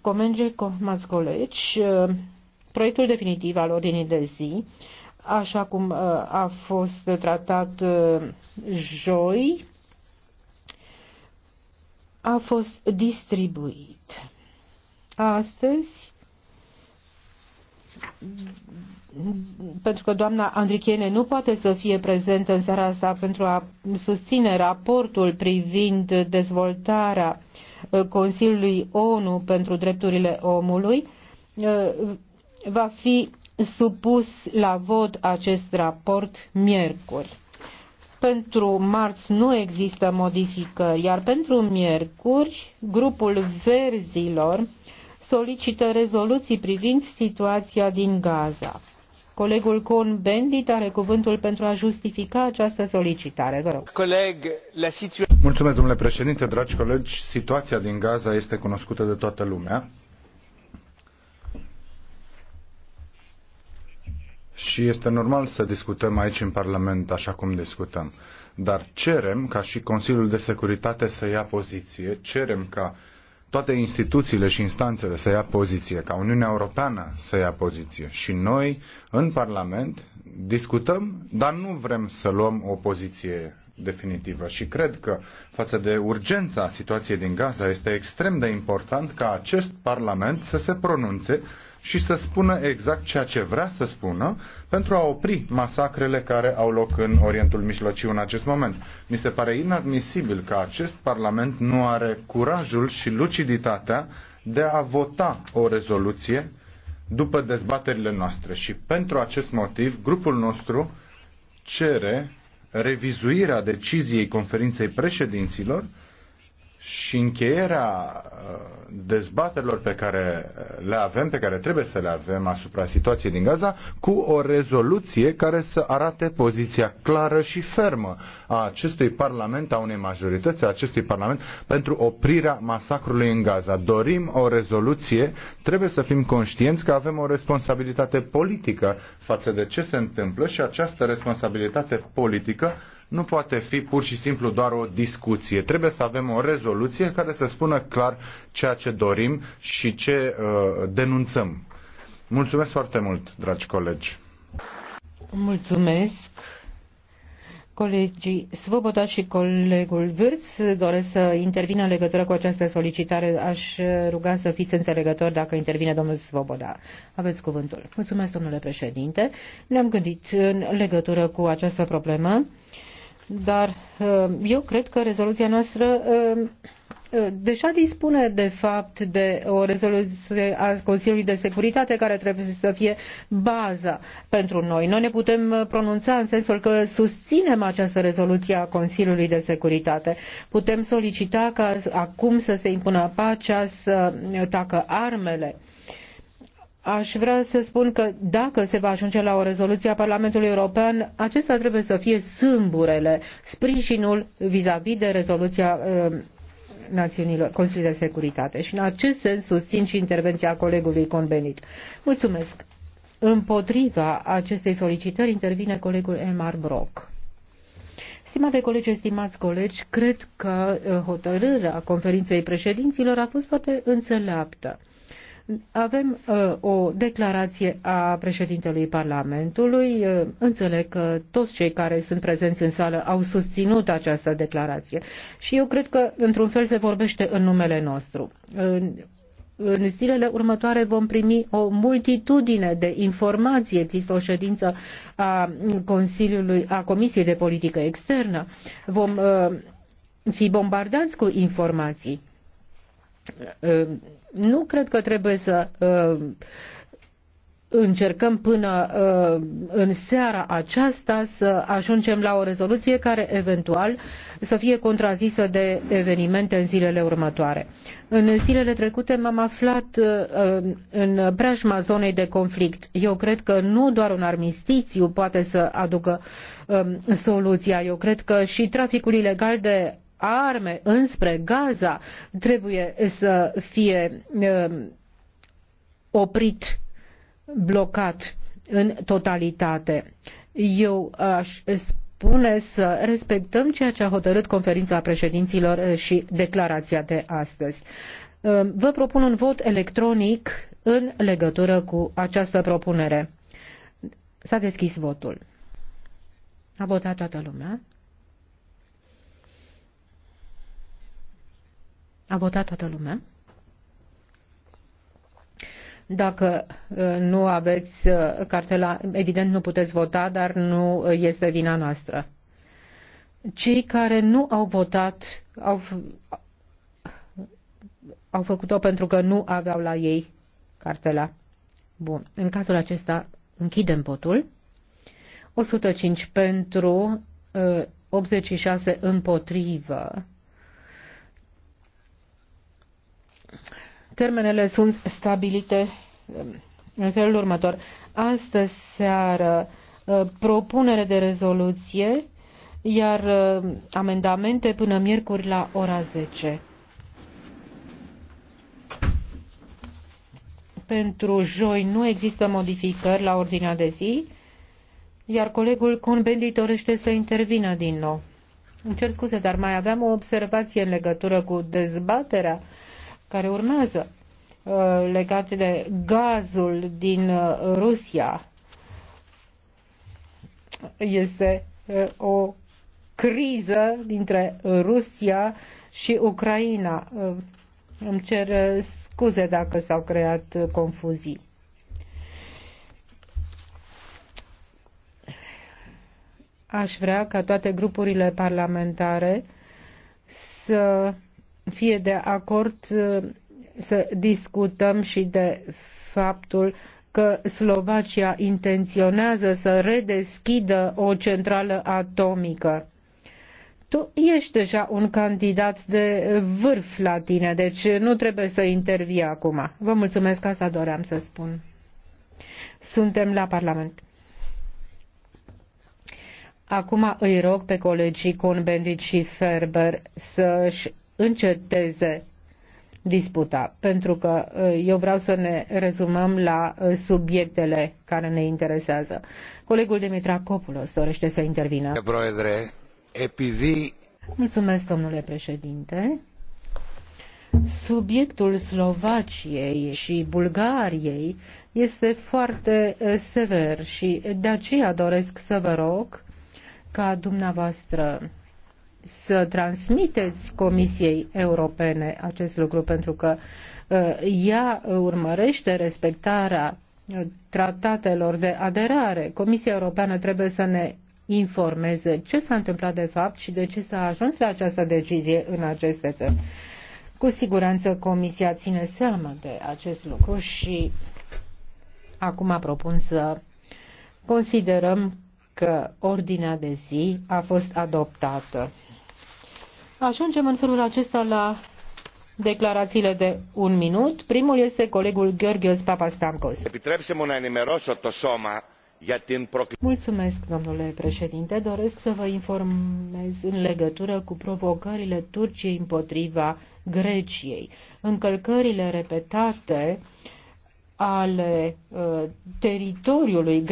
Comenge, Comazgoleci, uh, proiectul definitiv al ordinii de zi, așa cum uh, a fost tratat uh, joi, a fost distribuit. Astăzi, pentru că doamna Andrichene nu poate să fie prezentă în seara asta pentru a susține raportul privind dezvoltarea uh, Uh, Consiliului ONU pentru Drepturile Omului, uh, va fi supus la vot acest raport miercuri. Pentru marți nu există modificări, iar pentru miercuri, grupul verzilor solicită rezoluții privind situația din Gaza. Colegul Con Bendit are cuvântul pentru a justifica această solicitare. Vă rog. Coleg, la situație Mulțumesc, domnule președinte, dragi colegi. Situația din Gaza este cunoscută de toată lumea. Și este normal să discutăm aici în Parlament așa cum discutăm. Dar cerem ca și Consiliul de Securitate să ia poziție, cerem ca toate instituțiile și instanțele să ia poziție, ca Uniunea Europeană să ia poziție. Și noi, în Parlament, discutăm, dar nu vrem să luăm o poziție definitivă. Și cred că, față de urgența situației din Gaza, este extrem de important ca acest Parlament să se pronunțe și să spună exact ceea ce vrea să spună pentru a opri masacrele care au loc în Orientul Mijlociu în acest moment. Mi se pare inadmisibil că acest Parlament nu are curajul și luciditatea de a vota o rezoluție după dezbaterile noastre. Și pentru acest motiv, grupul nostru cere revizuirea deciziei conferinței președinților și încheierea uh, dezbaterilor pe care le avem, pe care trebuie să le avem asupra situației din Gaza, cu o rezoluție care să arate poziția clară și fermă a acestui Parlament, a unei majorități a acestui Parlament pentru oprirea masacrului în Gaza. Dorim o rezoluție, trebuie să fim conștienți că avem o responsabilitate politică față de ce se întâmplă și această responsabilitate politică nu poate fi pur și simplu doar o discuție. Trebuie să avem o rezoluție care să spună clar ceea ce dorim și ce uh, denunțăm. Mulțumesc foarte mult, dragi colegi. Mulțumesc. Colegii Svoboda și colegul Vârț doresc să intervină în legătură cu această solicitare. Aș ruga să fiți înțelegători dacă intervine domnul Svoboda. Aveți cuvântul. Mulțumesc, domnule președinte. Ne-am gândit în legătură cu această problemă. Dar uh, eu cred că rezoluția noastră uh, uh, deja dispune de fapt de o rezoluție a Consiliului de Securitate care trebuie să fie baza pentru noi. Noi ne putem pronunța în sensul că susținem această rezoluție a Consiliului de Securitate. Putem solicita ca acum să se impună pacea, să tacă armele aș vrea să spun că dacă se va ajunge la o rezoluție a Parlamentului European, acesta trebuie să fie sâmburele, sprijinul vis-a-vis -vis de rezoluția uh, Națiunilor, Consiliului de Securitate. Și în acest sens susțin și intervenția colegului convenit. Mulțumesc. Împotriva acestei solicitări intervine colegul Elmar Brock. Stimate colegi, stimați colegi, cred că uh, hotărârea conferinței președinților a fost foarte înțeleaptă. Avem uh, o declarație a președintelui Parlamentului. Uh, înțeleg că toți cei care sunt prezenți în sală au susținut această declarație și eu cred că, într-un fel, se vorbește în numele nostru. Uh, în zilele următoare vom primi o multitudine de informații. Există o ședință a Consiliului, a Comisiei de Politică Externă. Vom uh, fi bombardați cu informații. Ă, nu cred că trebuie să ă, încercăm până ă, în seara aceasta să ajungem la o rezoluție care eventual să fie contrazisă de evenimente în zilele următoare. În zilele trecute m-am aflat în preajma zonei de conflict. Eu cred că nu doar un armistițiu poate să aducă soluția. Eu cred că și traficul ilegal de arme înspre Gaza trebuie să fie um, oprit, blocat în totalitate. Eu aș spune să respectăm ceea ce a hotărât conferința președinților și declarația de astăzi. Um, vă propun un vot electronic în legătură cu această propunere. S-a deschis votul. A votat toată lumea. A votat toată lumea? Dacă uh, nu aveți uh, cartela, evident nu puteți vota, dar nu uh, este vina noastră. Cei care nu au votat au, au făcut-o pentru că nu aveau la ei cartela. Bun. În cazul acesta închidem votul. 105 pentru, 86 împotrivă. Termenele sunt stabilite um, în felul următor. Astă seară uh, propunere de rezoluție, iar uh, amendamente până miercuri la ora 10. Pentru joi nu există modificări la ordinea de zi, iar colegul Conbendi dorește să intervină din nou. Îmi cer scuze, dar mai aveam o observație în legătură cu dezbaterea care urmează uh, legate de gazul din uh, Rusia este uh, o criză dintre Rusia și Ucraina. Îmi cer scuze dacă s-au creat confuzii. Aș vrea ca toate grupurile parlamentare să fie de acord uh, să discutăm și de faptul că Slovacia intenționează să redeschidă o centrală atomică. Tu ești deja un candidat de vârf la tine, deci nu trebuie să intervii acum. Vă mulțumesc, asta doream să spun. Suntem la Parlament. Acum îi rog pe colegii Cohn-Bendit și Ferber să-și înceteze disputa, pentru că uh, eu vreau să ne rezumăm la uh, subiectele care ne interesează. Colegul Dimitra Copulos dorește să intervină. Mulțumesc, domnule președinte. Subiectul Slovaciei și Bulgariei este foarte uh, sever și de aceea doresc să vă rog ca dumneavoastră să transmiteți Comisiei Europene acest lucru, pentru că uh, ea urmărește respectarea uh, tratatelor de aderare. Comisia Europeană trebuie să ne informeze ce s-a întâmplat de fapt și de ce s-a ajuns la această decizie în aceste țări. Cu siguranță Comisia ține seama de acest lucru și acum propun să considerăm că ordinea de zi a fost adoptată. Ajungem în felul acesta la declarațiile de un minut. Primul este colegul Georgios Papastamkos. Mulțumesc, domnule președinte. Doresc să vă informez în legătură cu provocările Turciei împotriva Greciei. Încălcările repetate ale uh, teritoriului